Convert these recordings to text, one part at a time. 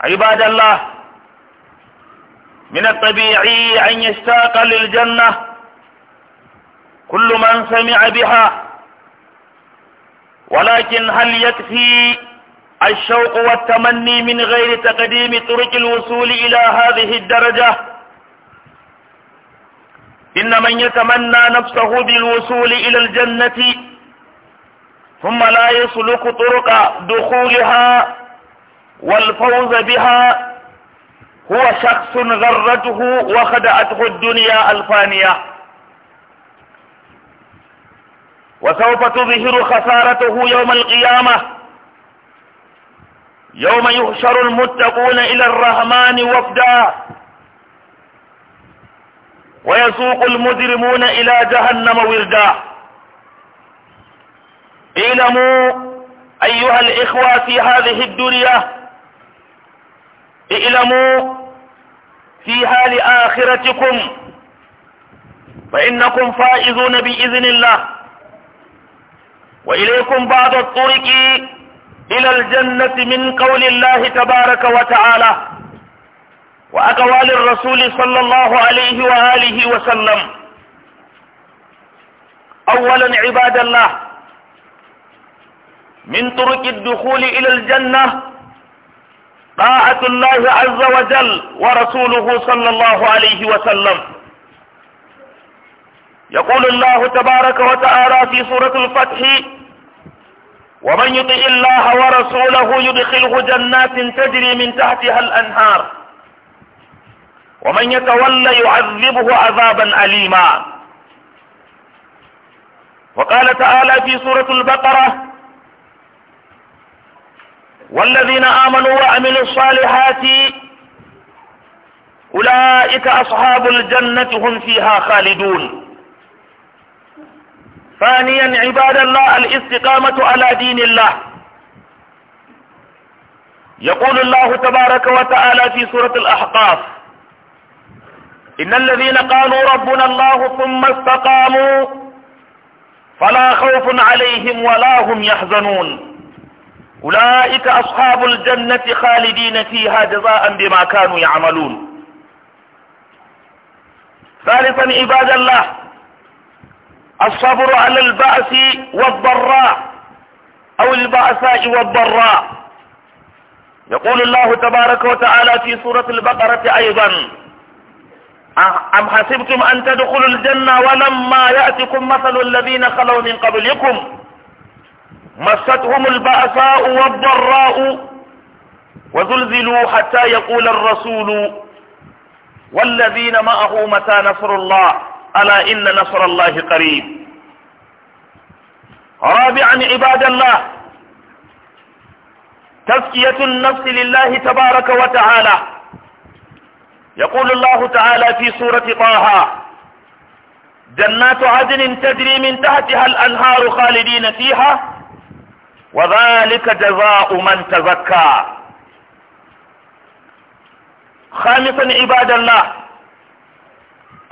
عباد الله من الطبيعي أن يشتاق للجنة كل من سمع بها ولكن هل يكفي الشوق والتمني من غير تقديم طرق الوصول إلى هذه الدرجة إن من يتمنى نفسه بالوصول إلى الجنة ثم لا يسلك طرق دخولها والفوز بها هو شخص غرته وخدعته الدنيا الفانية وسوف تظهر خسارته يوم القيامة يوم يحشر المتقون إلى الرحمن وفدا ويسوق المجرمون إلى جهنم وردا اعلموا أيها الإخوة في هذه الدنيا اعلموا فيها لآخرتكم فإنكم فائزون بإذن الله وإليكم بعض الطرق إلى الجنة من قول الله تبارك وتعالى وأقوال الرسول صلى الله عليه وآله وسلم أولا عباد الله من طرق الدخول إلى الجنة طاعة الله عز وجل ورسوله صلى الله عليه وسلم يقول الله تبارك وتعالى في سورة الفتح ومن يطع الله ورسوله يدخله جنات تجري من تحتها الأنهار ومن يتولى يعذبه عذابا أليما وقال تعالى في سورة البقرة والذين آمنوا وعملوا الصالحات أولئك أصحاب الجنة هم فيها خالدون ثانيا عباد الله الاستقامة على دين الله يقول الله تبارك وتعالى في سورة الأحقاف إن الذين قالوا ربنا الله ثم استقاموا فلا خوف عليهم ولا هم يحزنون أولئك أصحاب الجنة خالدين فيها جزاء بما كانوا يعملون ثالثا عباد الله الصبر على البأس والضراء أو البأساء والضراء يقول الله تبارك وتعالى في سورة البقرة أيضا أم حسبتم أن تدخلوا الجنة ولما يأتكم مثل الذين خلوا من قبلكم مستهم البأساء والضراء وزلزلوا حتى يقول الرسول والذين معه متى نصر الله ألا إن نصر الله قريب رابعا عباد الله تزكية النفس لله تبارك وتعالى يقول الله تعالى في سورة طه جنات عدن تجري من تحتها الأنهار خالدين فيها وذلك جزاء من تزكى خامسا عباد الله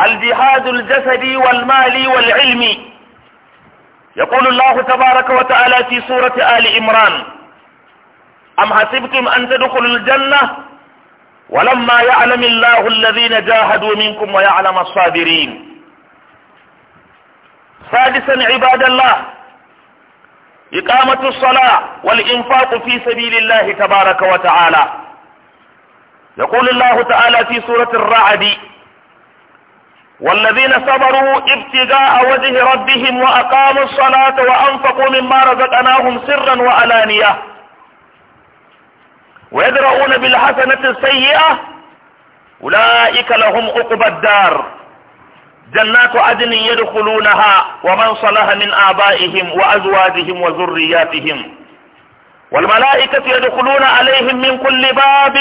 الجهاد الجسدي والمالي والعلمي يقول الله تبارك وتعالى في سورة آل عمران أم حسبتم أن تدخلوا الجنة ولما يعلم الله الذين جاهدوا منكم ويعلم الصابرين سادسا عباد الله إقامة الصلاة والإنفاق في سبيل الله تبارك وتعالى يقول الله تعالى في سورة الرعد والذين صبروا ابتغاء وجه ربهم وأقاموا الصلاة وأنفقوا مما رزقناهم سرا وألانية ويدرؤون بالحسنة السيئة أولئك لهم عقبى الدار جنات عدن يدخلونها ومن صلح من آبائهم وأزواجهم وذرياتهم والملائكة يدخلون عليهم من كل باب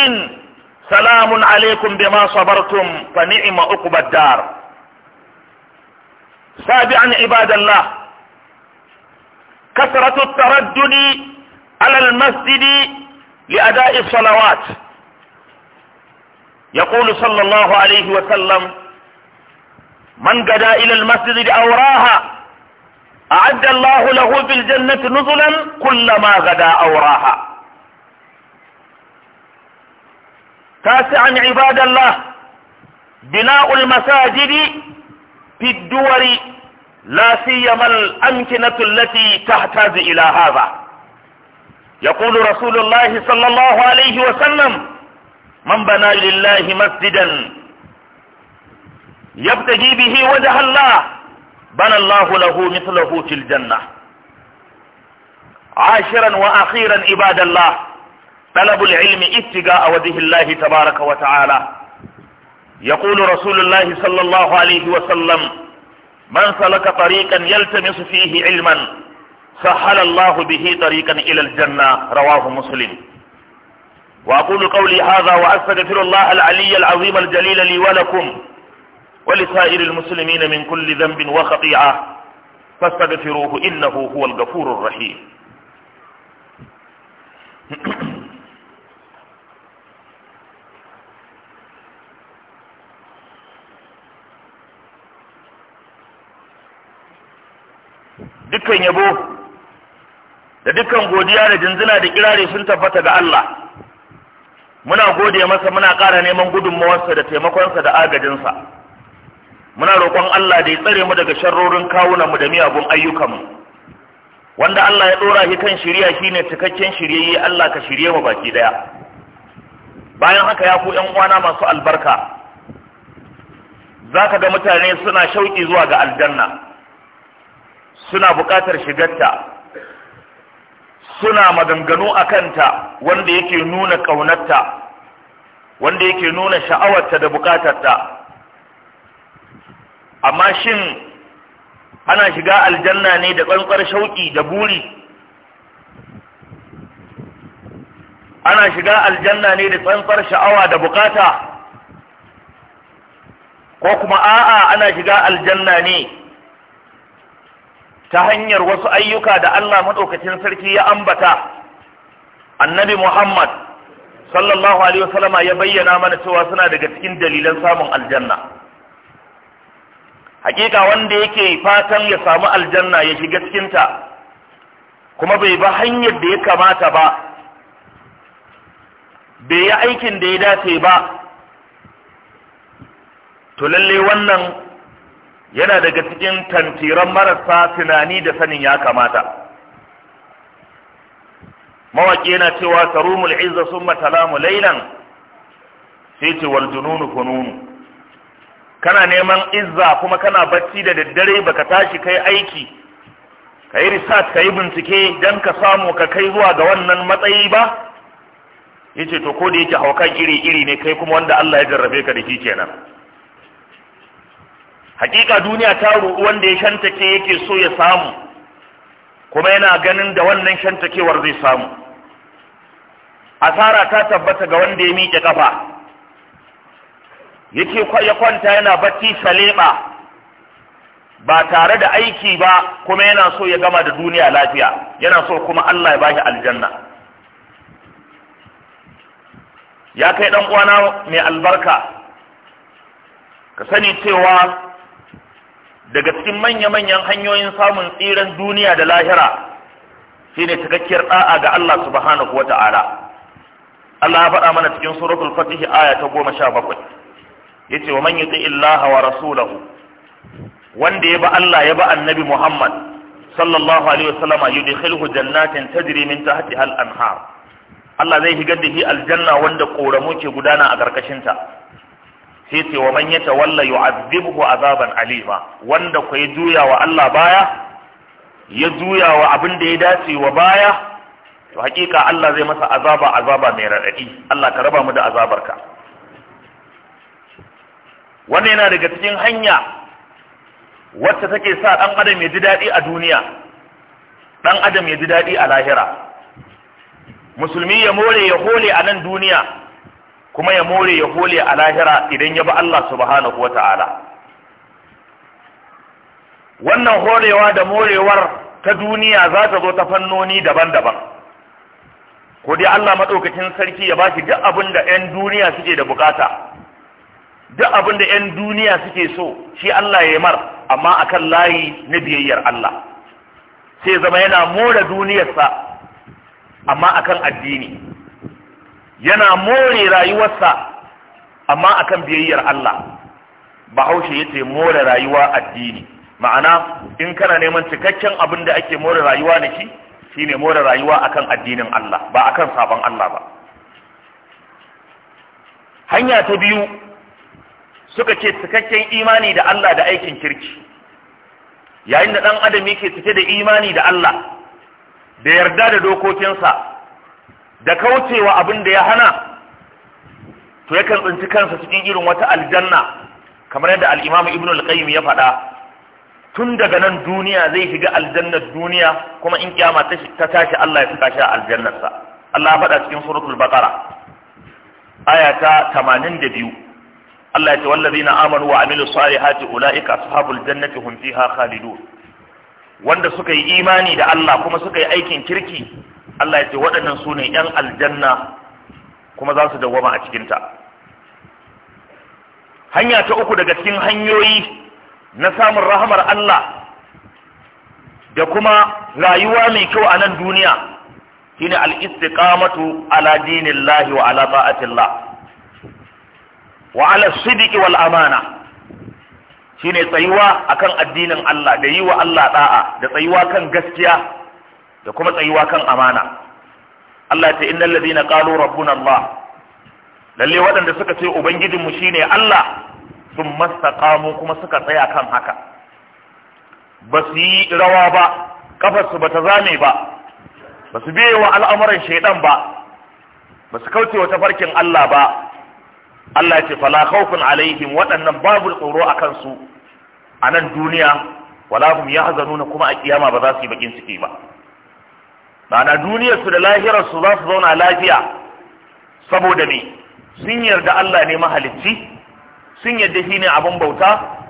سلام عليكم بما صبرتم فنعم أقبى الدار سابعا عباد الله كثرة التردد على المسجد لأداء الصلوات يقول صلى الله عليه وسلم من قدا إلى المسجد أوراها أعد الله له في الجنة نزلا كلما غدا أوراها تاسعا عباد الله بناء المساجد في الدول لا سيما الأمكنة التي تحتاج إلى هذا يقول رسول الله صلى الله عليه وسلم من بنى لله مسجدا yabtaji bihi wajha Allah bana Allah lahu mithluhu fil janna عاشرا واخيرا عباد الله طلب العلم اتقاء وجه الله تبارك وتعالى يقول رسول الله صلى الله عليه وسلم من سلك طريقا يلتمس فيه علما سهل الله به طريقا الى الجنه رواه مسلم واقول قولي هذا واستغفر الله العلي العظيم الجليل لي ولكم ولسائر المسلمين من كل ذنب وخطيئة فاستغفروه إنه هو الغفور الرحيم dukkan yabo da dukkan godiya da jinzina da kirare sun tabbata ga Allah muna gode masa muna ƙara neman gudunmawarsa da taimakonsa da agajinsa muna roƙon Allah da ya tsare mu daga sharrorin kawunan mu da miyagun ayyukan mu wanda Allah ya dora shi kan shiriya shine cikakken shiryayye Allah ka shirye mu baki daya bayan haka ya ku ƴan uwana masu albarka zaka ga mutane suna shauki zuwa ga aljanna suna buƙatar shigarta suna maganganu a kanta wanda yake nuna ƙaunarta wanda yake nuna sha'awarta da buƙatarta amma shin ana shiga aljanna ne da tsantsar shauƙi da buri ana shiga aljanna ne da tsantsar sha'awa da bukata ko kuma a'a ana shiga aljanna ne ta hanyar wasu ayyuka da Allah maɗaukacin sarki ya ambata annabi Muhammad sallallahu alaihi wasallama ya bayyana mana cewa suna daga cikin dalilan samun aljanna hakika wanda yake fatan ya samu aljanna ya shiga cikinta kuma bai ba hanyar da ya kamata ba bai yi aikin da ya dace ba to lalle wannan yana daga cikin tantiran marasa tunani da sanin ya kamata mawaƙi yana cewa tarumul izza summa talamu lailan sai ce wal jununu fununu kana neman izza kuma kana bacci da daddare baka tashi kai aiki kai research kai bincike dan ka samu ka kai zuwa ga wannan matsayi ba yace to ko da yake haukan iri iri ne kai kuma wanda Allah ya jarrabe ka da shi kenan hakika duniya ta ruɗu wanda ya shantake yake so ya samu kuma yana ganin da wannan shantakewar zai samu asara ta tabbata ga wanda ya miƙe kafa yake ya kwanta yana bacci salema ba tare da aiki ba kuma yana so ya gama da duniya lafiya yana so kuma Allah ya bashi aljanna ya kai dan uwana mai albarka ka sani cewa daga cikin manya-manyan hanyoyin samun tsiran duniya da lahira shine cikakkiyar da'a ga Allah subhanahu wata'ala Allah ya faɗa mana cikin suratul fatih aya ta goma sha bakwai yace wa man yuti illaha wa rasulahu wanda ya ba Allah ya ba annabi Muhammad sallallahu alaihi wasallama yudkhilhu jannatin tajri min tahtiha al-anhar Allah zai higar da shi aljanna wanda koramu ke gudana a karkashin ta sai ce wa man yatawalla yu'adhibuhu azaban alima wanda ko ya juya wa Allah baya ya juya wa abin da ya dace wa baya to hakika Allah zai masa azaba azaba mai radadi Allah ka raba mu da azabarka wannan yana daga cikin hanya wacce take sa ɗan adam ya ji daɗi a duniya ɗan adam ya ji daɗi a lahira musulmi ya more ya hole a nan duniya kuma ya more ya hole a lahira idan ya bi Allah subhanahu wa ta'ala wannan horewa da morewar ta duniya za ta zo ta fannoni daban-daban ko dai Allah maɗaukacin sarki ya ba shi duk abin da 'yan duniya suke da bukata duk abin da 'yan duniya suke so shi Allah ya mar amma akan layi na biyayyar Allah sai zama yana more duniyarsa amma akan addini yana more rayuwarsa amma akan biyayyar Allah bahaushe yace more rayuwa addini ma'ana in kana neman cikakken abin da ake more rayuwa da shi shine more rayuwa akan addinin Allah ba akan sabon Allah ba hanya ta biyu suka ce cikakken imani da Allah da aikin kirki yayin da ɗan adam yake cike da imani da Allah da yarda da dokokinsa da kaucewa abin da ya hana to yakan tsinci kansa cikin irin wata aljanna kamar yadda al-Imam Ibn al-Qayyim ya faɗa tun daga nan duniya zai shiga aljannar duniya kuma in kiyama ta tashi Allah ya saka shi a aljannarsa Allah ya faɗa cikin suratul baqara aya ta 82 Allah ya ce wallazina amanu wa amilus salihati ulaika ashabul jannati hum fiha khalidun wanda suka yi imani da Allah kuma suka yi aikin kirki Allah ya ce waɗannan su ne ‘yan aljanna kuma za su dawwama a cikinta hanya ta uku daga cikin hanyoyi na samun rahamar Allah da kuma rayuwa mai kyau a nan duniya shine al-istiqamatu ala dinillahi wa ala ta'atillah wa ala sidiki wal amana shine tsayuwa akan addinin Allah da yi wa Allah da'a da tsayuwa kan gaskiya da kuma tsayuwa kan amana Allah ta innal ladina qalu rabbuna Allah lalle waɗanda suka ce mu shine Allah sun mastaqamu kuma suka tsaya kan haka ba su yi rawa ba ƙafarsu ba ta zame ba ba su biye wa al'amuran shaidan ba ba su kauce wa tafarkin Allah ba Allah ya ce fala khawfun alaihim waɗannan babu tsoro a kansu a nan duniya wala hum yahzanuna kuma a kiyama ba za su yi bakin ciki ba ma'ana duniyar su da lahirar su za su zauna lafiya saboda me sun yarda Allah ne mahalicci sun yarda shi ne abin bauta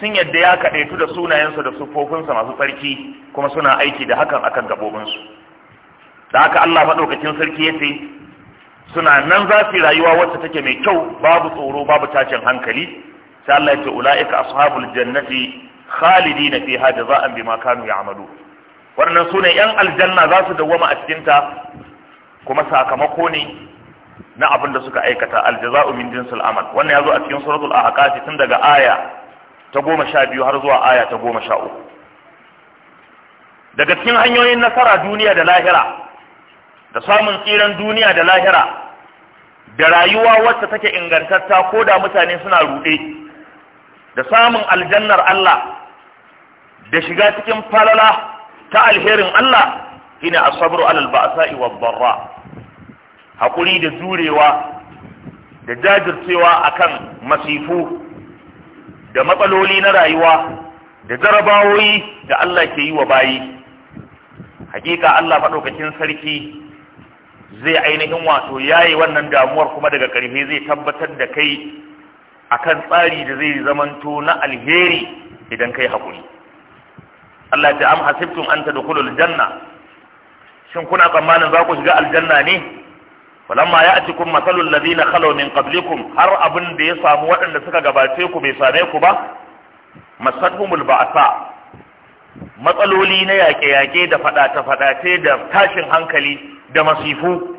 sun yarda ya kaɗaitu da sunayensa da siffofinsa masu tsarki kuma suna aiki da hakan akan gabobinsu da haka Allah maɗaukacin sarki ya ce suna nan za su yi rayuwa wacce take mai kyau babu tsoro babu tashin hankali sai Allah ya ce ulaika ashabul jannati khalidina fiha jaza'an bima kanu ya'malu wannan sune yan aljanna za su dawwama a cikin ta kuma sakamako ne na abin da suka aikata aljaza'u min jinsil amal wannan ya zo a cikin suratul ahqaf tun daga aya ta goma sha biyu har zuwa aya ta goma sha uku daga cikin hanyoyin nasara duniya da lahira da samun tsiran duniya da lahira da rayuwa wacce take ingantatta ko da mutane suna ruɗe da samun aljannar Allah da shiga cikin falala ta alherin Allah ina asabru alal ba'sa'i wad darra hakuri da jurewa da jajircewa akan masifu da matsaloli na rayuwa da jarabawoyi da Allah ke yi wa bayi hakika Allah madaukakin sarki zai ainihin wato yayi wannan damuwar kuma daga karfe zai tabbatar da kai akan tsari da zai zamanto na alheri idan kai hakuri Allah ta am hasibtum an tadkhulul aljanna. shin kuna tsammanin za ku shiga aljanna ne falamma ya'tikum masalul na khalaw min qablikum har abin da ya samu waɗanda suka gabace ku bai same ku ba masadhumul ba'sa matsaloli na yaƙe-yaƙe da faɗace-faɗace da tashin hankali da masifu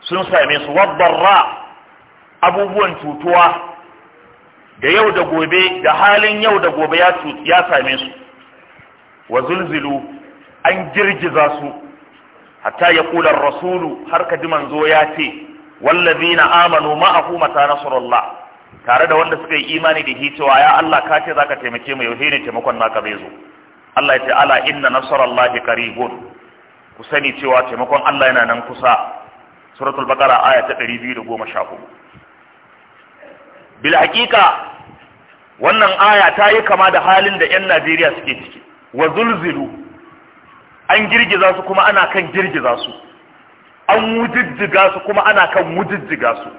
sun same su wabbarra abubuwan cutuwa da yau da gobe da halin yau da gobe ya same su wa zulzilu an girgiza su hatta ya kula rasulu har ka ji manzo ya ce na amanu ma'ahu mata Nasarallah. tare da wanda suka yi imani da hicewa ya Allah ka ce zaka taimake mu yau ne taimakon naka bai zo Allah ya ce ala inna nasrallahi qaribun ku sani cewa taimakon Allah yana nan kusa suratul baqara aya ta 214 bil hakika wannan aya ta yi kama da halin da yan Najeriya suke ciki wa zulzilu an girgiza su kuma ana kan girgiza su an wujijjiga su kuma ana kan wujijjiga su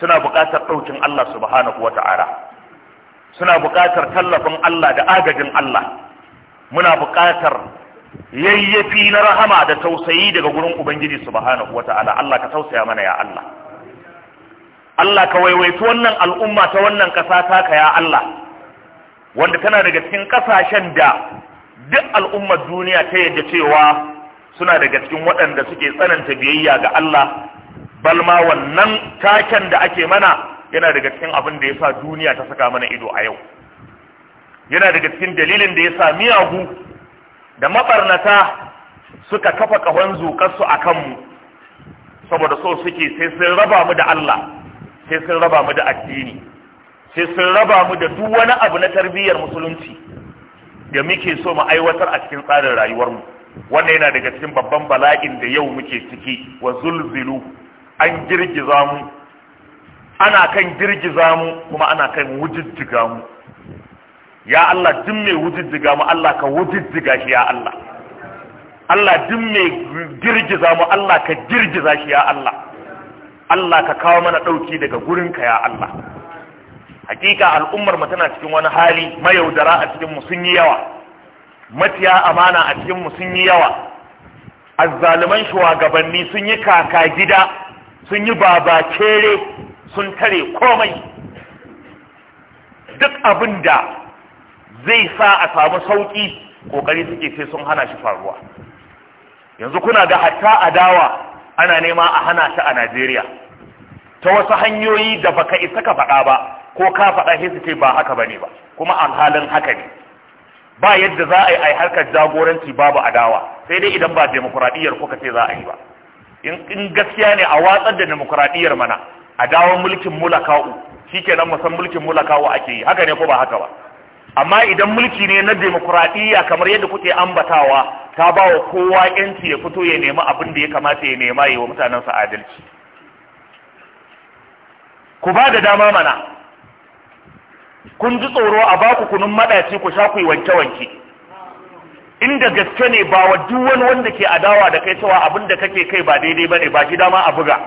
suna buƙatar ɗaukin Allah subhanahu wata'ala suna buƙatar tallafin Allah da agajin Allah muna buƙatar yayyafi na rahama da tausayi daga gurin ubangiji subhanahu wata'ala Allah ka tausaya mana ya Allah Allah ka waiwaiti wannan al'umma ta wannan ƙasa taka ya Allah wanda tana daga cikin ƙasashen da duk al'ummar duniya ta yadda cewa suna daga cikin waɗanda suke tsananta biyayya ga Allah balma wannan taken da ake mana yana daga cikin abin da yasa duniya ta saka mana ido a yau yana daga cikin dalilin da ya sa miyagu da mabarnata suka kafa kahon zukarsu a kanmu saboda so suke sai sun raba mu da Allah sai sun raba mu da addini sai sun raba mu da duk wani abu na tarbiyyar musulunci da muke so mu aiwatar a cikin tsarin rayuwar mu wannan yana daga cikin babban bala'in da yau muke ciki wa zulzilu an girgiza mu ana kan girgiza mu kuma ana kan wujijjiga mu ya Allah duk mai wujuddiga mu Allah ka wujuddiga shi ya Allah Allah duk mai girgiza mu Allah ka girgiza shi ya Allah Allah ka kawo mana ɗauki daga gurinka ya Allah hakika al'ummar mu tana cikin wani hali mayaudara a cikin mu sun yi yawa matiya amana a cikin mu sun yi yawa azzaluman shugabanni sun yi kaka gida sun yi baba kere sun tare komai duk abinda. zai sa a samu sauki kokari suke sai sun hana shi faruwa yanzu kuna ga hatta adawa ana nema a hana shi a Najeriya ta wasu hanyoyi da baka isa ka faɗa ba ko ka faɗa sai ce ba haka bane ba kuma alhalin haka ne ba yadda za a yi a harkar jagoranci babu adawa sai dai idan ba demokuraɗiyyar kuka ce za a yi ba in gaskiya ne a watsar da demokuraɗiyyar mana a mulkin mulaka'u shikenan musan mulkin mulaka'u ake yi haka ne ko ba haka ba amma idan mulki ne na demokuraɗiyya kamar yadda kuke ambatawa ta ba wa kowa yanci ya fito ya nema abin da ya kamata ya nema yi wa mutanensa adalci ku ba da dama mana kun ji tsoro a baku kunun maɗaci ku sha ku yi wanke-wanke inda gaske ne ba wa duk wani wanda ke adawa da kai cewa abin da kake kai ba daidai ba ne ba shi dama a buga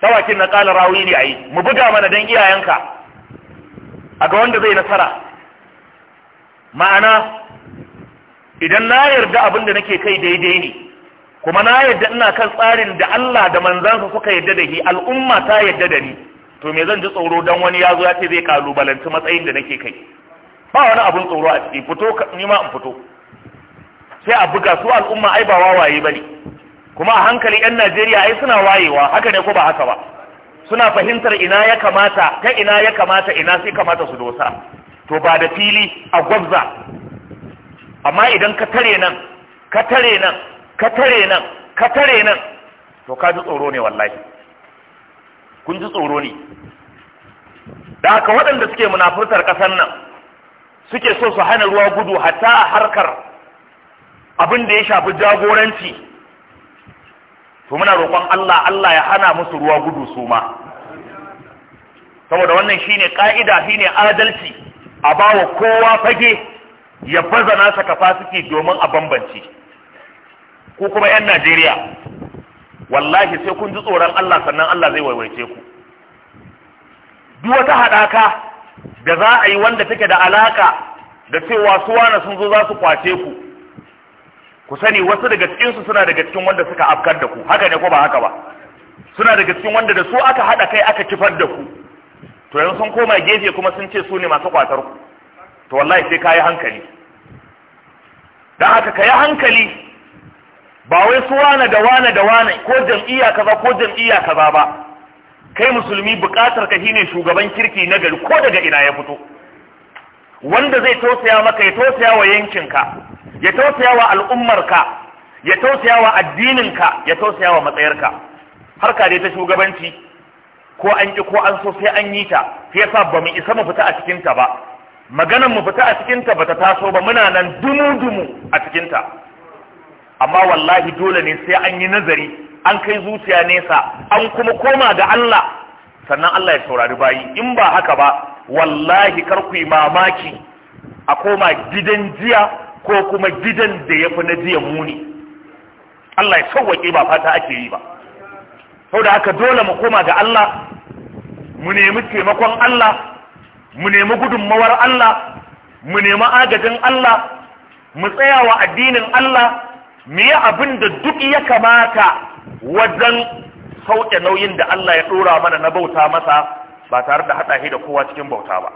tawakin na ƙala rawi ne a yi mu buga mana don iyayenka a ga wanda zai nasara ma'ana idan na yarda abin da nake kai daidai ne kuma na yarda ina kan tsarin da Allah da manzansa suka yarda da shi al'umma ta yarda da ni to me zan ji tsoro dan wani ya zo ya ce zai kalubalanci matsayin da nake kai ba wani abin tsoro a ciki fito ni ma in fito sai a buga su al'umma ai ba wawaye bane kuma a hankali yan Najeriya ai suna wayewa haka ne ko ba haka ba suna fahimtar ina ya kamata ta ina ya kamata ina sai kamata su dosa to ba da fili a gwabza amma idan ka tare nan ka tare nan ka tare nan ka tare nan to ka ji tsoro ne wallahi kun ji tsoro ne da haka waɗanda suke munafurtar ƙasar nan suke so su hana ruwa gudu hatta a harkar abin da ya shafi jagoranci to muna roƙon Allah Allah ya hana musu ruwa gudu su ma saboda wannan shine ka'ida shine adalci a bawa kowa fage ya baza nasa suke domin a bambance ku kuma 'yan Najeriya wallahi sai kun ji tsoron Allah sannan Allah zai waiwaice ku duk wata haɗaka da za a yi wanda take da alaka da cewa suwana sun zo za su kwace ku ku sani wasu daga cikinsu suna daga cikin wanda suka afkar da ku haka ne ko ba haka ba suna daga cikin wanda da su aka haɗa kai aka kifar da ku to yanzu sun koma gefe kuma sun ce su ne masu kwatar ku to wallahi sai ka yi hankali Da haka ka yi hankali ba wai su wane da wane da wane ko jam'iyya kaza ko jam'iyya kaza ba kai musulmi bukatar ka shine shugaban kirki na gari ko daga ina ya fito wanda zai tausaya maka ya tausaya wa yankinka ya tausaya wa al'ummarka ya tausaya wa addininka ya tausaya wa matsayarka ka dai ta shugabanci ko an ki ko an so sai an yi ta sai yasa ba mu isa mu fita a cikin ta ba maganar mu fita a cikin ta bata taso ba muna nan dumu dumu a cikin ta amma wallahi dole ne sai an yi nazari an kai zuciya nesa an kuma koma ga Allah sannan Allah ya saurari bayi in ba haka ba wallahi kar ku yi mamaki a koma gidan jiya ko kuma gidan da ya fi na jiya muni Allah ya sauwaƙe ba fata ake yi ba sau da haka dole mu koma ga Allah mu nemi taimakon Allah mu nemi gudunmawar Allah mu nemi agajin Allah mu tsaya wa addinin Allah mu yi abin da duk ya kamata wajen sauƙe nauyin da Allah ya ɗora mana na bauta masa ba tare da haɗa da kowa cikin bauta ba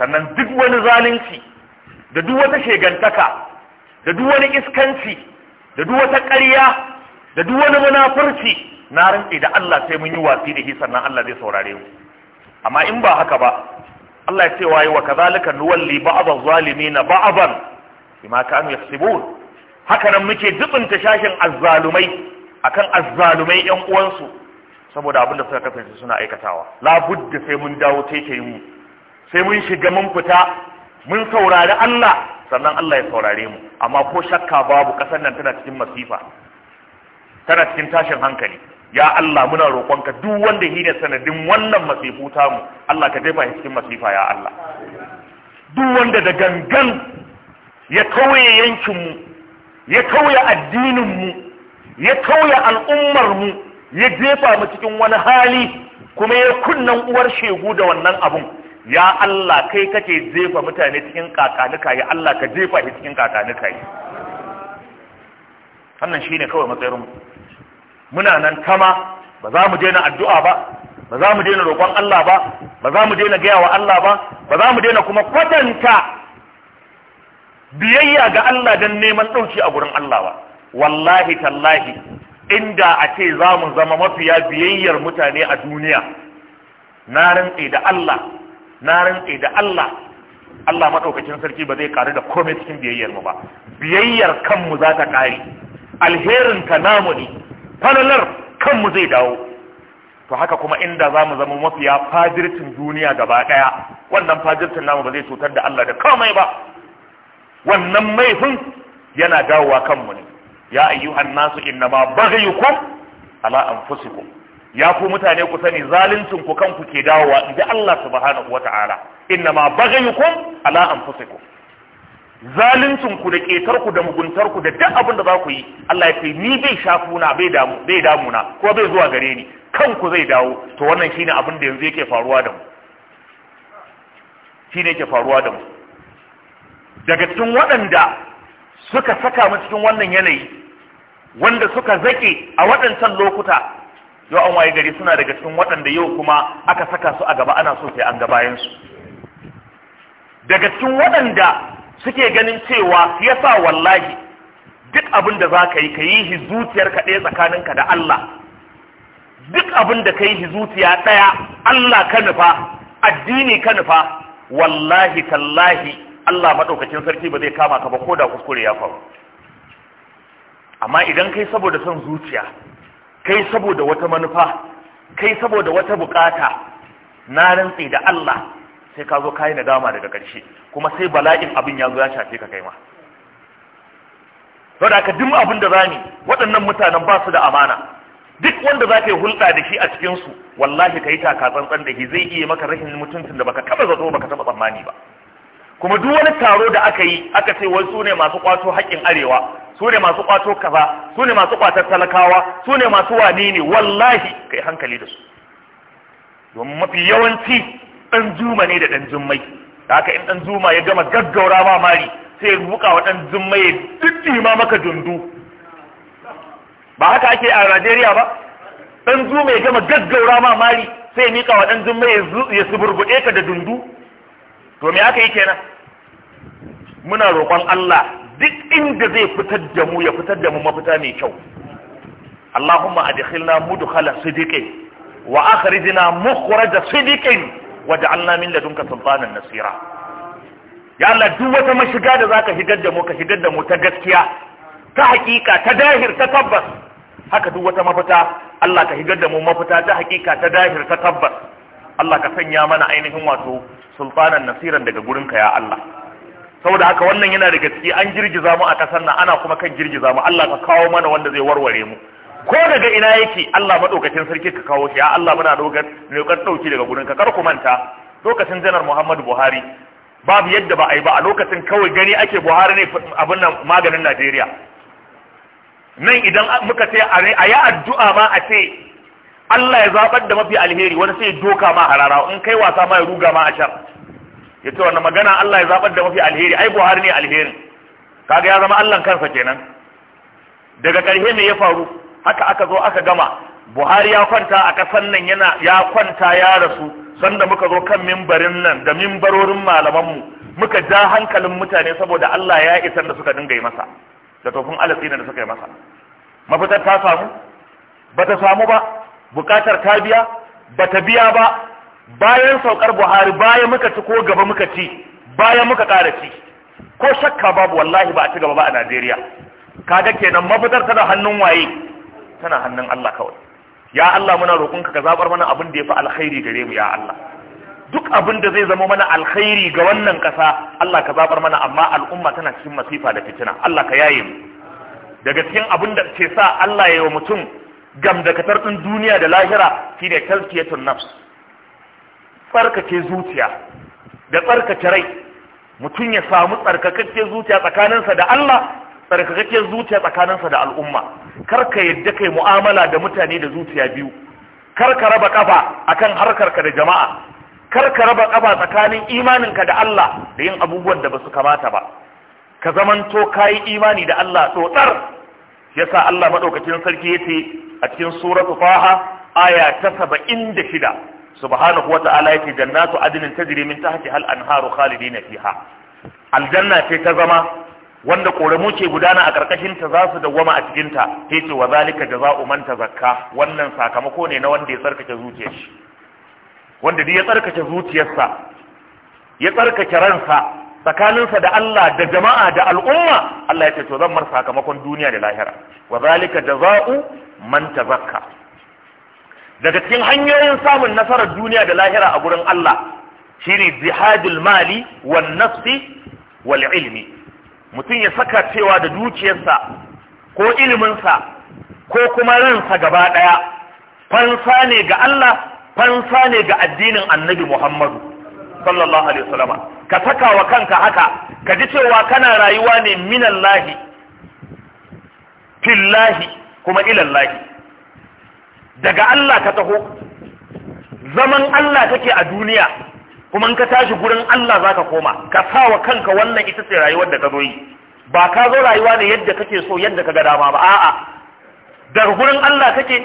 sannan duk wani zalunci da duk wata shegantaka da duk wani iskanci da duk wata ƙarya da duk wani munafurci na rantsi da Allah sai mun yi wasi da shi sannan Allah zai saurare mu amma in ba haka ba Allah ya ce waye wa kazalika nuwalli ba'd az-zalimin ba'dan bima kanu yahsibun haka nan muke dubunta shashin azzalumai akan azzalumai yan uwansu saboda abinda da suka kasance suna aikatawa la budda sai mun dawo yi mu sai mun shiga mun fita mun saurari Allah sannan Allah ya saurare mu amma ko shakka babu kasar nan tana cikin masifa tana cikin tashin hankali ya Allah muna roƙonka duk wanda yi da sanadin wannan masifu ta mu Allah ka jefa cikin masifa ya Allah duk wanda da gangan ya kauye yankin mu ya kauye addinin mu ya kauye al'ummar mu ya jefa mu cikin wani hali kuma ya kunnan uwar shegu da wannan abun ya Allah kai kake jefa mutane cikin kakanuka ya Allah ka jefa shi cikin kakanuka yi wannan shine kawai matsayarmu. muna nan kama ba za mu daina addu'a ba ba za mu daina roƙon Allah ba ba za mu daina gaya wa Allah ba ba za mu daina kuma kwatanta biyayya ga Allah don neman ɗauki a gurin Allah ba wallahi tallahi inda a ce za mu zama mafiya biyayyar mutane a duniya na rantse da Allah na rantse da Allah Allah madaukakin sarki ba zai karu da komai cikin biyayyar mu ba biyayyar kanmu za ta kare alherin ta namu ne falalar kanmu zai dawo to haka kuma inda za mu zama mafiya fadirtin duniya gaba ɗaya wannan fadirtin namu ba zai cutar da Allah da komai ba wannan maifin yana dawowa kanmu ne ya ayyuhan nasu innama baghayukum ala anfusikum ya ku mutane ku sani zalincin ku kanku ke dawowa inda Allah subhanahu wata'ala inna ma baghayukum ala anfusikum zalincin ku da ketar ku da muguntar ku da duk abin da za ku yi Allah ya ce ni bai shafu na bai damu bai damu na ko bai zuwa gare ni kanku zai dawo to wannan shine abin da yanzu yake faruwa da mu shine yake faruwa da mu daga cikin waɗanda suka saka mu cikin wannan yanayi wanda suka zake a waɗancan lokuta yau an waye gari suna daga cikin waɗanda yau kuma aka saka su a gaba ana so sai an ga bayan daga cikin waɗanda suke ganin cewa yasa wallahi duk abin da za ka yi ka yi shi zuciyar ka ɗaya tsakaninka da Allah duk abin da ka yi shi zuciya ɗaya Allah ka nufa addini ka nufa wallahi tallahi Allah maɗaukacin sarki ba zai kama ka ba ko da kuskure ya faru amma idan kai saboda son zuciya kai saboda wata manufa kai saboda wata bukata na rantsi da Allah sai ka zo kayi dama daga ƙarshe kuma sai bala'in abin ya zo ya shafe ka kai ma saboda ka duk abin da zani waɗannan mutanen ba su da amana duk wanda za ka yi hulɗa da shi a cikinsu wallahi ka yi taka tsantsan da shi zai iya maka rashin mutuncin da baka taɓa zato baka taɓa tsammani ba kuma duk wani taro da aka yi aka ce wai su ne masu kwato haƙƙin arewa su ne masu kwato kaza su ne masu kwatar talakawa su ne masu wani ne wallahi kai hankali da su Don mafi yawanci ɗan juma ne da ɗan jummai da haka in ɗan juma ya gama gaggaura ma mari sai ya buka wa ɗan jummai ya diddi ma maka dundu ba haka ake a Najeriya ba ɗan juma ya gama gaggaura ma mari sai ya mika wa ɗan jummai ya suburbuɗe ka da dundu to me aka yi kenan muna roƙon Allah duk inda zai fitar da mu ya fitar da mu mafita mai kyau Allahumma adkhilna mudkhala sidiqin wa akhrijna mukhraja sidiqin waj'alna min ladunka sultanan nasira ya Allah duk wata mashiga da zaka shigar da mu ka shigar da mu ta gaskiya ta hakika ta dahir ta tabbas haka duk wata mafita Allah ka higar da mu mafita ta hakika ta dahir ta tabbas Allah ka sanya mana ainihin wato sulfanan nasiran daga gurinka ya Allah saboda haka wannan yana daga ciki an girgiza mu a kasar nan ana kuma kan girgiza mu Allah ka kawo mana wanda zai warware mu ko daga ina yake Allah madaukakin sarki ka kawo shi ya Allah muna dogar roƙar dauki daga gurinka kar ku manta lokacin janar Muhammadu Buhari babu yadda ba a yi ba a lokacin kawai gani ake Buhari ne abin nan maganin Najeriya nan idan muka ce a yi addu'a ma a ce Allah ya zaɓar da mafi alheri wani sai doka ma harara in kai wasa ma ya ruga ma a shar ya ce wannan magana Allah ya zabar da mafi alheri ai Buhari ne alheri kaga ya zama Allah kansa kenan daga ƙarshe me ya faru haka aka zo aka gama Buhari ya kwanta a kasan nan yana ya kwanta ya rasu sanda muka zo kan mimbarin nan da mimbarorin malamanmu muka ja hankalin mutane saboda Allah ya isar da suka dinga yi masa da tofin alasina da suka yi masa mafitar ta samu ba ta samu ba bukatar ta biya bata biya ba bayan saukar buhari baya muka ci ko gaba muka ci baya muka ƙara ci ko shakka babu wallahi ba a ci gaba ba a najeriya kaga kenan mafitar tana hannun waye tana hannun allah kawai ya allah muna roƙonka ka zabar mana abin da ya fi alkhairi gare mu ya allah duk abin da zai zama mana alkhairi ga wannan ƙasa allah ka zabar mana amma al'umma tana cikin masifa da fitina allah ka yaye mu daga cikin abin da ke sa allah ya yi wa mutum Gam gamdakatar ɗin duniya da lahira shi ne tazkiyatun nafs tsarkake zuciya da tsarkake rai mutum ya samu tsarkakakken zuciya tsakaninsa da Allah tsarkakakken zuciya tsakaninsa da al'umma kar ka yadda kai mu'amala da mutane da zuciya biyu kar ka raba kafa akan harkar ka da jama'a kar ka raba kafa tsakanin imaninka da Allah da yin abubuwan da basu kamata ba ka zamanto kai imani da Allah tsotsar yasa Allah madaukakin sarki yace a cikin suratu faha aya ta 76 subhanahu wata'ala yace jannatu adnin tajri min tahtiha hal anharu khalidina fiha aljanna ce ta zama wanda koramu ce gudana a karkashin ta za su dawwama a cikin ta yace wa zalika jaza'u man tazakka wannan sakamako ne na wanda ya tsarkake zuciyar shi wanda duk ya tsarkake zuciyarsa ya tsarkake ransa tsakaninsa da Allah da jama'a da al'umma Allah ya ce to zan mar sakamakon duniya da lahira wa zalika jaza'u man tazakka daga cikin hanyoyin samun nasarar duniya da lahira a gurin Allah shine jihadul mali wan nafsi wal ilmi mutum ya saka cewa da dukiyarsa ko iliminsa ko kuma ransa gaba daya fansa ne ga Allah fansa ne ga addinin annabi Muhammadu sallallahu alaihi wasallama ka saka wa kanka haka ka ji cewa kana rayuwa ne minallahi fillahi kuma ilallahi daga Allah ka taho zaman Allah take a duniya kuma in ka tashi gurin Allah zaka koma ka sa wa kanka wannan ita ce rayuwar da ka zo yi ba ka zo rayuwa ne yadda kake so yadda ka ga dama ba a'a daga gurin Allah kake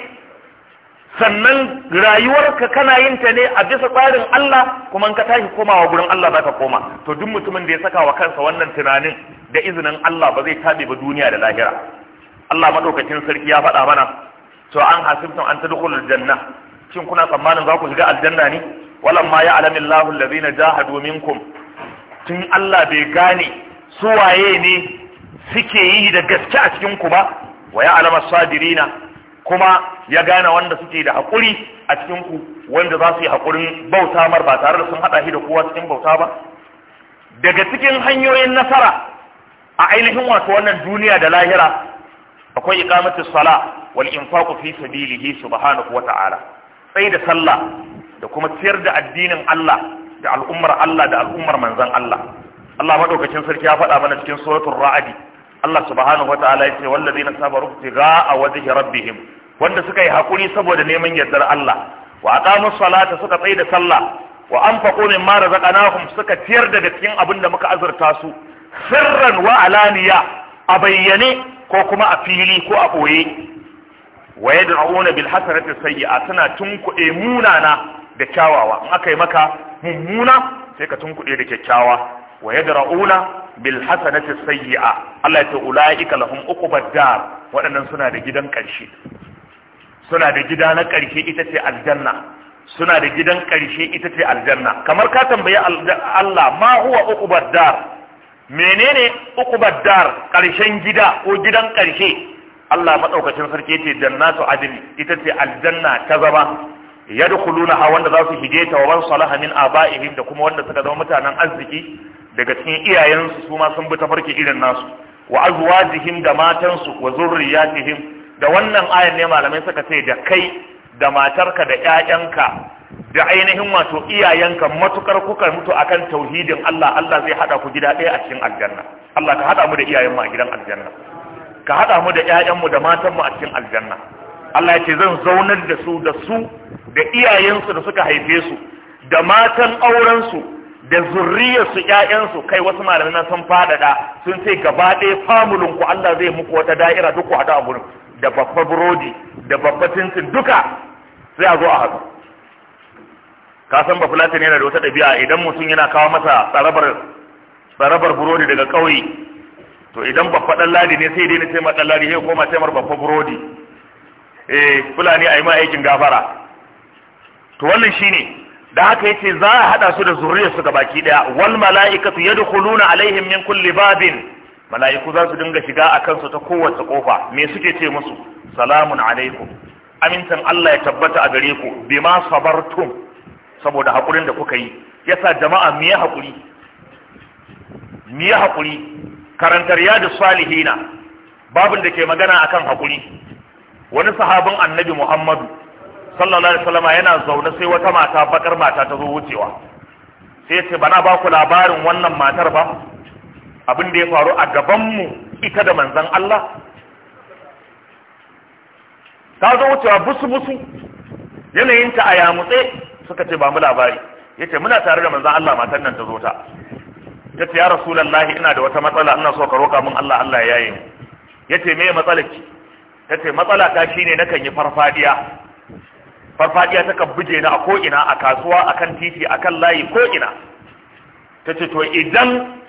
sannan rayuwarka kana yin ta ne a bisa tsarin Allah kuma ka tashi komawa gurin Allah za ka koma to duk mutumin da ya saka wa kansa wannan tunanin da izinin Allah ba zai tabe ba duniya da lahira Allah madaukakin sarki ya faɗa mana to an hasibtum an tadkhulul janna shin kuna tsammanin za ku shiga aljanna ne walam ma ya'lamu Allahu allazina jahadu minkum tun Allah bai gane su waye ne suke yi da gaske a cikin ku ba wa ya'lamu sadirina kuma ya gane wanda suke da haƙuri a cikin wanda za su yi haƙurin bauta mar ba tare da sun haɗa shi da kowa cikin bauta ba daga cikin hanyoyin nasara a ainihin wato wannan duniya da lahira akwai iqamatu sala wal infaqu fi sabilihi subhanahu wa ta'ala sai da sallah da kuma ciyar da addinin Allah da al'ummar Allah da al'ummar manzon Allah Allah madaukakin sarki ya faɗa mana cikin suratul ra'd Allah subhanahu wa ta'ala yace wallazina sabaru tigaa wajhi rabbihim wanda suka yi haƙuri saboda neman yardar Allah wa aqamu salata suka tsaye da sallah wa anfaqu mimma razaqnahum suka ciyar daga cikin abin da muka azurta su sirran wa alaniya a bayyane ko kuma a fili ko a boye wa yad'una bil hasanati sayyi'a suna tunkuɗe munana da kyawawa in aka yi maka mummuna sai ka tunkuɗe da kyakkyawa wa yadra'una bil hasanati sayyi'a Allah ya ce ulaika lahum uqubad dar waɗannan suna da gidan ƙarshe suna da gida na ƙarshe ita ce aljanna suna da gidan ƙarshe ita ce aljanna kamar ka tambayi Allah ma huwa uqubad dar menene uqubad dar ƙarshen gida ko gidan ƙarshe Allah madaukakin sarki ce jannatu adli ita ce aljanna ta zama yadkhulunaha wanda za su shige ta wa man salaha min abaihim da kuma wanda suka zama mutanen arziki daga cikin iyayensu su ma sun bi tafarki irin nasu wa azwajihim da matansu wa zurriyatihim da wannan ayan ne malamai suka ce da kai da matarka da ƴaƴanka da ainihin wato iyayenka matukar kuka mutu akan tauhidin Allah Allah zai hada ku gida ɗaya a cikin aljanna Allah ka hada mu da iyayenmu a gidan aljanna ka hada mu da ƴaƴanmu da matanmu a cikin aljanna Allah ya ce zan zaunar da su da su da iyayensu da suka haife su da matan aurensu da zurriyarsu ƴaƴansu kai wasu malamai san faɗaɗa sun ce gaba ɗaya famulunku Allah zai muku wata da'ira duk ku hada a gurin da babba burodi da babba tintin duka sai a zo a haɗu ka san ba fulatin yana da wata ɗabi'a idan mutum yana kawo masa tsarabar tsarabar burodi daga ƙauye to idan babba ɗan ladi ne sai dai na taimar ɗan ladi sai koma taimar babba burodi eh fulani a yi ma aikin gafara to wannan shine da haka yace za a hada su da zuriyar su gabaki daya wal malaikatu yadkhuluna alaihim min kulli babin mala'iku za su dinga shiga a kansu ta kowace kofa me suke ce musu salamun alaikum amintan Allah ya tabbata a gare ku bima sabartum saboda hakurin da kuka yi yasa jama'a mu haƙuri, hakuri haƙuri, hakuri karantar yadu salihina babin da ke magana akan hakuri wani sahabin annabi Muhammadu sallallahu alaihi wasallam yana zaune sai wata mata bakar mata ta zo wucewa sai ce bana ba ku labarin wannan matar ba abin da ya faru a gabanmu ita da manzan Allah ta zo wucewa busu-busu yanayinta a yamutse suka ce ba mu labari ya ce muna tare da manzan Allah matan nan ta zo ta ya ce ya rasulallahi ina da wata matsala ina so ka roka min Allah Allah ya yaye mu ya ce me ki? ta ce matsala ta shine nakan yi farfadiya farfadiya kan buge ni a ko'ina a kasuwa akan titi akan layi ko'ina ta ce to idan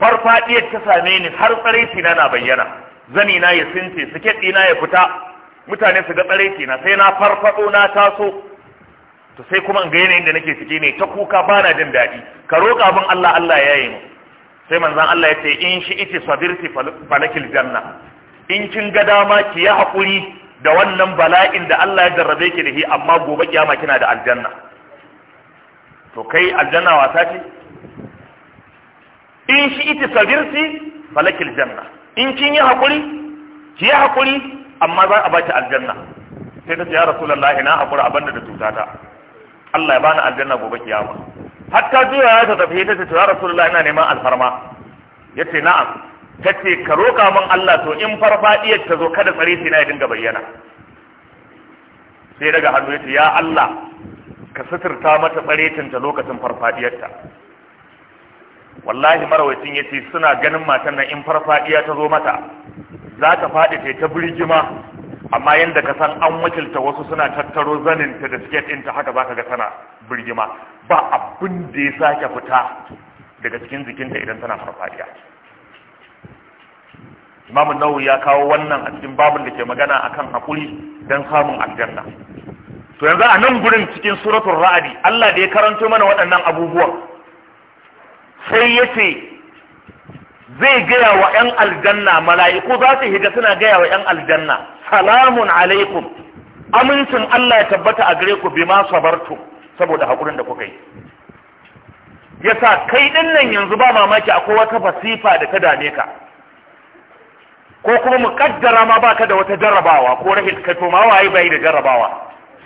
farfadiyar ta same ni har tsaraiti na na bayyana zani na ya sinte suke ɗina ya fita mutane su ga tsaraiti na sai na farfado na taso to sai kuma in ga yanayin da nake ciki ne ta kuka bana jin daɗi ka roƙa min Allah Allah ya yi mu sai manzon Allah ya ce in shi ite sabirti falakil janna in kin ga dama ki ya hakuri da wannan bala'in da Allah ya jarrabe ki da shi amma gobe kiyama kina da aljanna to kai aljanna wasa ce in shi iti sabirti falakil janna in kin yi hakuri ki yi hakuri amma za a baki aljanna sai ta ya rasulullahi na hakura abanda da cutata? Allah ya bani aljanna gobe kiyama hatta zuwa ya ta tafi ta ce ya rasulullahi ina neman alfarma yace na'am tace ka roka min Allah to in farfaɗiyarta ta zo kada tsare sai na ya dinga bayyana sai daga hannu yace ya Allah ka suturta mata ta lokacin farfaɗiyarta? wallahi marawacin ya ce suna ganin matan nan in farfadiya ta zo mata za ta faɗi ta ta birgima amma yadda ka san an wakilta wasu suna tattaro zanin ta da siket ɗinta haka za ka ga tana birgima ba abin da ya sake fita daga cikin jikinta idan tana farfadiya Imam nawu ya kawo wannan a cikin babin da ke magana akan haƙuri don samun aljanna to yanzu a nan gurin cikin suratul ra'adi Allah da ya karanto mana waɗannan abubuwan sai ya ce zai gaya wa 'yan aljanna mala'iku za su higa suna gaya wa 'yan aljanna salamun alaikum amincin Allah ya tabbata a gare ku bima sabartu saboda haƙurin da kuka yi sa kai ɗinnan nan yanzu ba mamaki akwai wata fasifa da ta dame ka ko kuma mu kaddara ma baka da wata jarrabawa ko rahin ka to ma waye bai da jarrabawa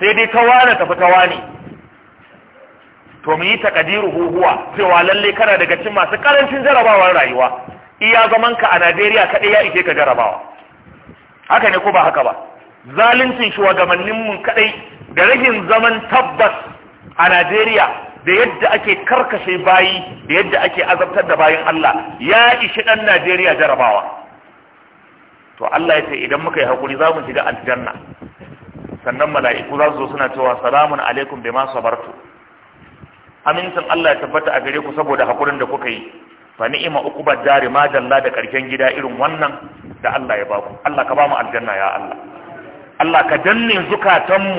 sai dai ta wane tafi ta wane to mu yi takadiru huwa cewa lalle kana daga cikin masu karancin jarabawar rayuwa iya zaman ka a Najeriya kaɗai ya ike ka jarabawa haka ne ko ba haka ba zaluncin shugabannin mu kaɗai da rashin zaman tabbas a Najeriya da yadda ake karkashe bayi da yadda ake azabtar da bayin Allah ya ishi dan Najeriya jarabawa to Allah ya ce idan muka yi hakuri za mu shiga aljanna sannan mala'iku za su zo suna cewa salamun alaikum bima sabartu amincin Allah ya tabbata a gare ku saboda hakurin da kuka yi fa ni'ima ukuba, dari ma da karshen gida irin wannan da Allah ya baku Allah ka ba mu aljanna ya Allah Allah ka danne zukatanmu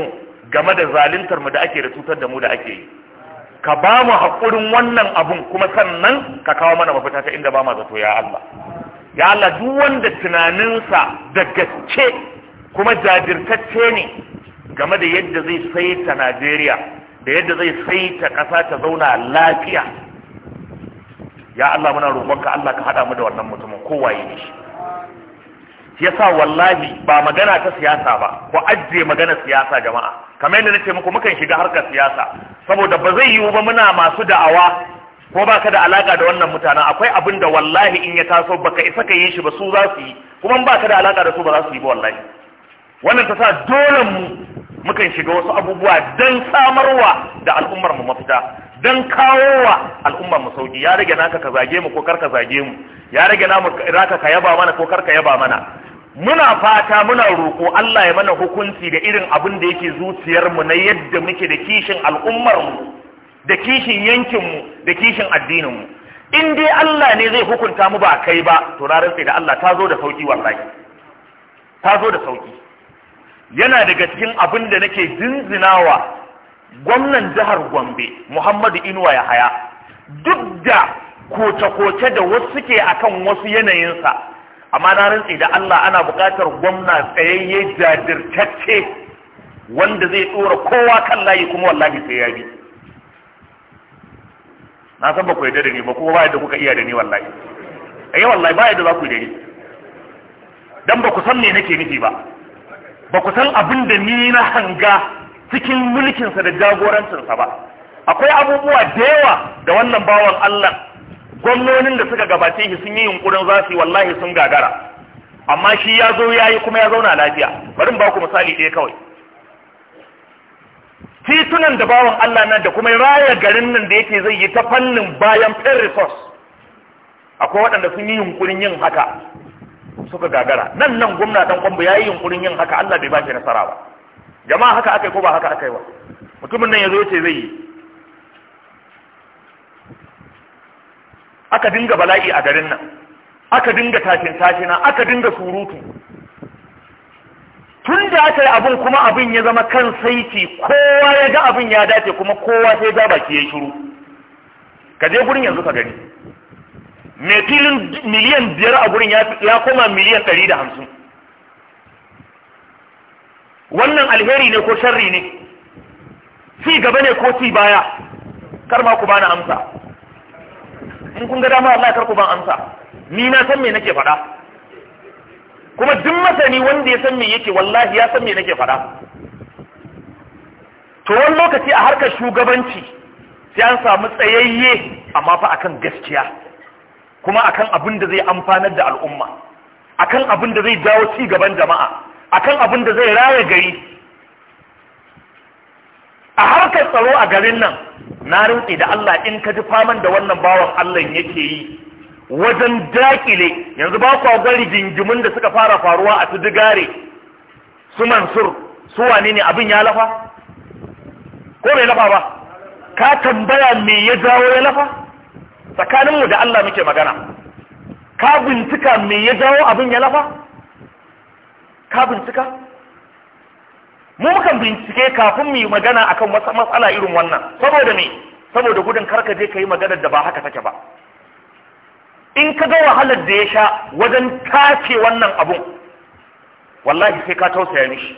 game da zaluntar mu da ake da tutar da mu da ake yi ka ba mu haƙurin wannan abun kuma sannan ka kawo mana mafita ta inda ba ma zato ya Allah ya Allah duk wanda tunaninsa da gaske kuma jajirtacce ne game da yadda zai saita Najeriya da yadda zai saita kasa ta zauna lafiya ya Allah muna roƙonka Allah ka haɗa mu da wannan mutumin kowaye ne shi yasa wallahi ba magana ta siyasa ba Ko ajje magana siyasa jama'a kamar yadda nace muku mukan shiga harkar siyasa saboda ba zai yiwu ba muna masu da'awa ko baka da alaka da wannan mutanen akwai abin da wallahi in ya taso baka isa ka yi shi ba su za su yi kuma ba baka da alaka da su ba za su yi ba wallahi wannan ta sa dole mu mukan shiga wasu abubuwa don samarwa da al'ummar mu mafita don kawowa al'ummar mu sauki ya rage naka ka zage mu ko kar ka zage mu ya rage naka ka yaba mana ko kar ka yaba mana muna fata muna roko Allah ya mana hukunci da irin abin da yake zuciyar mu na yadda muke da kishin al'ummar mu da kishin yankin mu da kishin addinin mu in dai Allah ne zai hukunta mu ba kai ba to ranar sai da Allah ta zo da sauki wallahi ta zo da sauki yana daga cikin abin da nake zinzinawa gwamnan jihar Gombe Muhammadu Inuwa ya haya, duk da koce-koce da wasu suke akan wasu yanayinsa amma na rantsi da Allah ana buƙatar gwamna tsayayye jajirtacce wanda zai tsora kowa kan layi kuma wallahi sai ya bi na san ba ku yarda da ni ba kuma ba yadda kuka iya da ni wallahi eh wallahi ba yadda za ku yi da ni dan ba ku san me nake nufi ba ba ku san abin da ni na hanga cikin mulkinsa da jagorancinsa ba akwai abubuwa da yawa da wannan bawan Allah gwamnonin da suka gabace shi sun yi yunkurin za su yi wallahi sun gagara amma shi ya zo ya yi kuma ya zauna lafiya bari ba ku misali ɗaya kawai titunan da bawan Allah nan da kuma raya garin nan da yake zai yi ta fannin bayan pen resource akwai waɗanda sun yi yunkurin yin haka suka gagara nan nan gwamna dan kwambo yayi yunkurin yin haka Allah bai ba shi nasara ba jama'a haka akai ko ba haka akai ba mutumin nan yazo ce zai yi aka dinga bala'i a garin nan aka dinga tashin tashina aka dinga surutu tun da aka yi abin kuma abin ya zama kan saiti kowa ya ga abin ya dace kuma kowa sai ga baki ya shiru ka je gurin yanzu ka gani mai filin miliyan biyar a gurin ya koma miliyan ɗari da hamsin wannan alheri ne ko sharri ne ci gaba ne ko fi baya kar ma ku bani amsa in kun ga dama Allah kar ku amsa ni na san me nake faɗa kuma duk masani wanda ya san me yake wallahi ya san me nake faɗa to wani lokaci a harkar shugabanci sai an samu tsayayye amma fa akan gaskiya kuma akan abin da zai amfanar da al'umma akan abin da zai jawo ci gaban jama'a akan abin da zai raya gari a harkar tsaro a garin nan na rinƙe da Allah in ka ji faman da wannan bawan Allah yake yi wajen dakile yanzu ba kwa gwari gingimin da suka fara faruwa a su digare su mansur su wane ne abin ya lafa ko bai lafa ba ka tambaya me ya jawo ya lafa tsakaninmu da Allah muke magana ka bincika me ya jawo abin ya lafa ka bincika mu mukan bincike kafin mu yi magana akan wata matsala irin wannan saboda me saboda gudun karka je ka yi magana da ba haka take ba in ka ga wahalar da ya sha wajen tace wannan abun wallahi sai ka tausaya mishi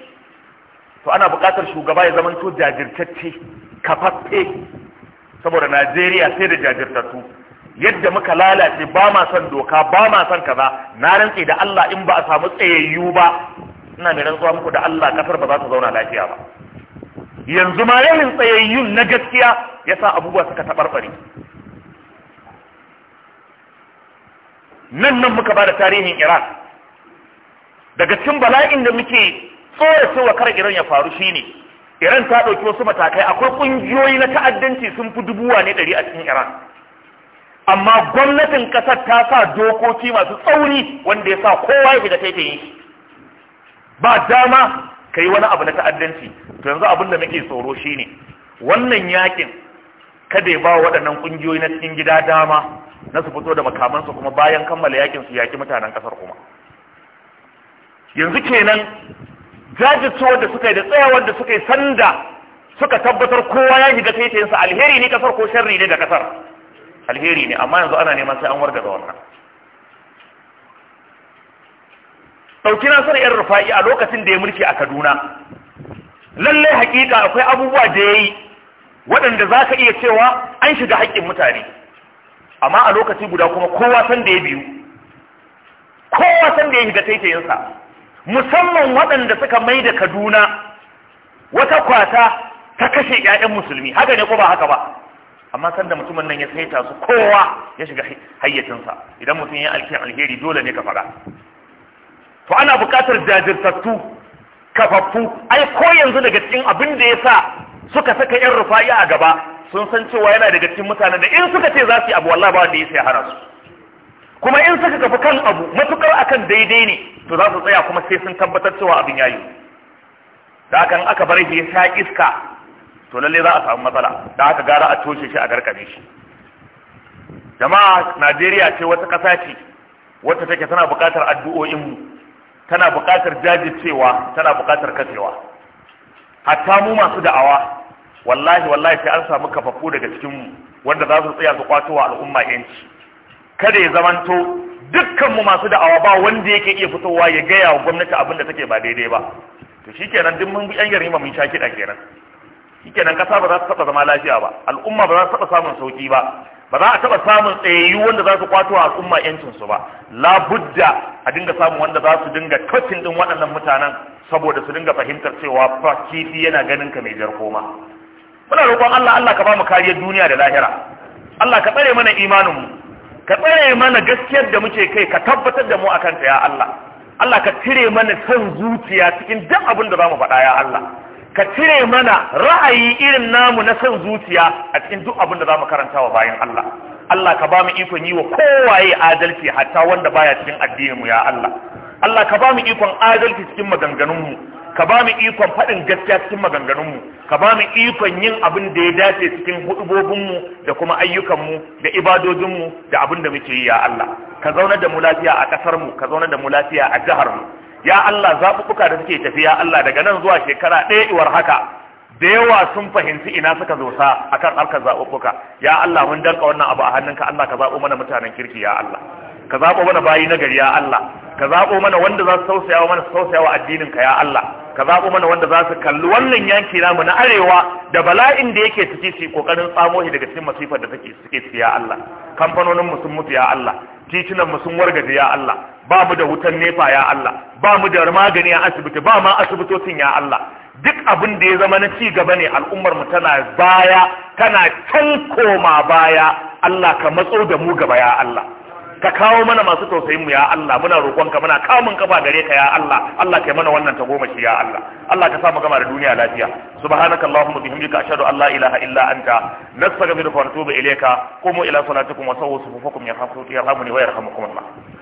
to ana buƙatar shugaba ya zamanto jajirtacce kafaffe saboda najeriya sai da jajirtattu yadda muka lalace ba ma son doka ba ma son kaza na rantse da Allah in ba a samu tsayayyu ba ina mai rantsuwa muku da Allah kasar ba za ta zauna lafiya ba yanzu ma yayin tsayayyun na gaskiya yasa abubuwa suka taɓarɓare. nan nan muka ba da tarihin Iran daga cikin bala'in da muke tsorace wa kar Iran ya faru shine Iran ta ɗauki wasu matakai akwai ƙungiyoyi na ta'addanci sun fi dubuwa ne a cikin Iran amma gwamnatin kasar ta sa dokoki masu tsauri wanda ya sa kowa ya fita taitayin yi ba dama ka yi wani abu na ta'addanci to yanzu abin da muke tsoro shi ne wannan yakin kada ya ba waɗannan ƙungiyoyi na cikin gida dama na su fito da makamansu kuma bayan kammala yakin su yaki mutanen ƙasar kuma yanzu kenan jajirce da suka yi da tsayawar da suka yi sanda suka tabbatar kowa ya shiga taitayinsa alheri ne kasar ko sharri ne da kasar alheri ne amma yanzu ana neman sai an warga da wannan ɗauki nasar yan rufa'i a lokacin da ya mulki a kaduna lallai hakika akwai abubuwa da ya yi waɗanda za ka iya cewa an shiga haƙƙin mutane amma a lokaci guda kuma kowa san da ya biyu kowa san da ya shiga taitayinsa musamman waɗanda suka mai da kaduna wata kwata ta kashe 'ya'yan musulmi haka ne ko ba haka ba amma sanda mutumin nan ya saita su kowa ya shiga hayyacinsa idan mutum ya alkin alheri dole ne ka fara to ana buƙatar jajirtattu kafaffu ai ko yanzu daga cikin abin da ya sa suka saka yan rufa'i a gaba sun san cewa yana daga cikin mutane da in suka ce za su yi abu wallahi ba wanda ya sai hana su kuma in suka kafa kan abu matukar akan daidai ne to za su tsaya kuma sai sun tabbatar cewa abin yayi da aka bar shi ya sha iska to lalle za a samu matsala da aka gara a toshe shi a garkame shi jama'a najeriya ce wata ƙasa ce wacce take tana buƙatar addu'o'inmu tana buƙatar jajircewa tana buƙatar kasewa. hatta mu masu da'awa wallahi wallahi sai an samu kafafu daga cikinmu wanda za su tsaya su kwato wa al'umma yanci kada ya zamanto dukkanmu masu da'awa ba wanda yake iya fitowa ya gaya wa gwamnati abin da take ba daidai ba to shikenan duk mun bi yan yarima mun sha kiɗa kenan shikenan kasa ba za su taba zama lafiya ba al'umma ba za su taba samun sauki ba ba za a taba samun tsayayyu wanda za su kwato al'umma yancin su ba la budda a dinga samun wanda za su dinga tocin din waɗannan mutanen saboda su dinga fahimtar cewa fa kifi yana ganin ka mai jar koma muna roƙon Allah Allah ka ba mu kariyar duniya da lahira Allah ka tsare mana imanin mu ka tsare mana gaskiyar da muke kai ka tabbatar da mu akan ta ya Allah Allah ka cire mana son zuciya cikin duk abin da za mu faɗa ya Allah ka cire mana ra'ayi irin namu na son zuciya a cikin duk abin da za mu karanta wa bayan Allah Allah ka ba mu ikon yi wa kowaye adalci hatta wanda baya cikin addininmu ya Allah Allah ka ba mu ikon adalci cikin maganganunmu ka ba mu ikon faɗin gaskiya cikin maganganunmu ka ba mu ikon yin abin da ya dace cikin hudubobinmu da kuma ayyukanmu da ibadojinmu da abin da muke yi ya Allah ka zauna da mu lafiya a ƙasarmu ka zauna da mu lafiya a jiharmu ya Allah zaɓuɓɓuka da suke tafiya Allah daga nan zuwa shekara ɗaya iwar haka da yawa sun fahimci ina suka zo zosa akan harkar zaɓuɓɓuka ya Allah mun danka wannan abu a hannunka Allah ka zaɓo mana mutanen kirki ya Allah ka zaɓo mana bayi na gari ya Allah ka zaɓo mana wanda za su tausayawa mana su addinin ka ya Allah ka zaɓo mana wanda za su kalli wannan yanki namu na arewa da bala'in da yake suke su kokarin tsamo shi daga cikin masifar da take suke ciki ya Allah kamfanonin mu sun mutu ya Allah titunan mu sun wargaje ya Allah ba mu da wutan nefa ya Allah ba mu da magani a asibiti ba ma asibitocin ya Allah duk abin da ya zama na ci gaba ne al'ummar mu tana baya tana can koma baya Allah ka matso da mu gaba ya Allah ka kawo mana masu tausayin mu ya Allah muna roƙonka muna kamun kafa gare ka ya Allah Allah kai mana wannan tagomashi ya Allah Allah ka sa mu gama da duniya lafiya subhanaka allahumma bihamdika ashhadu an la ilaha illa anta nastaghfiruka wa natubu ilayka qumu ila salatikum wa sawwu sufufakum yarhamuni wa yarhamukum Allah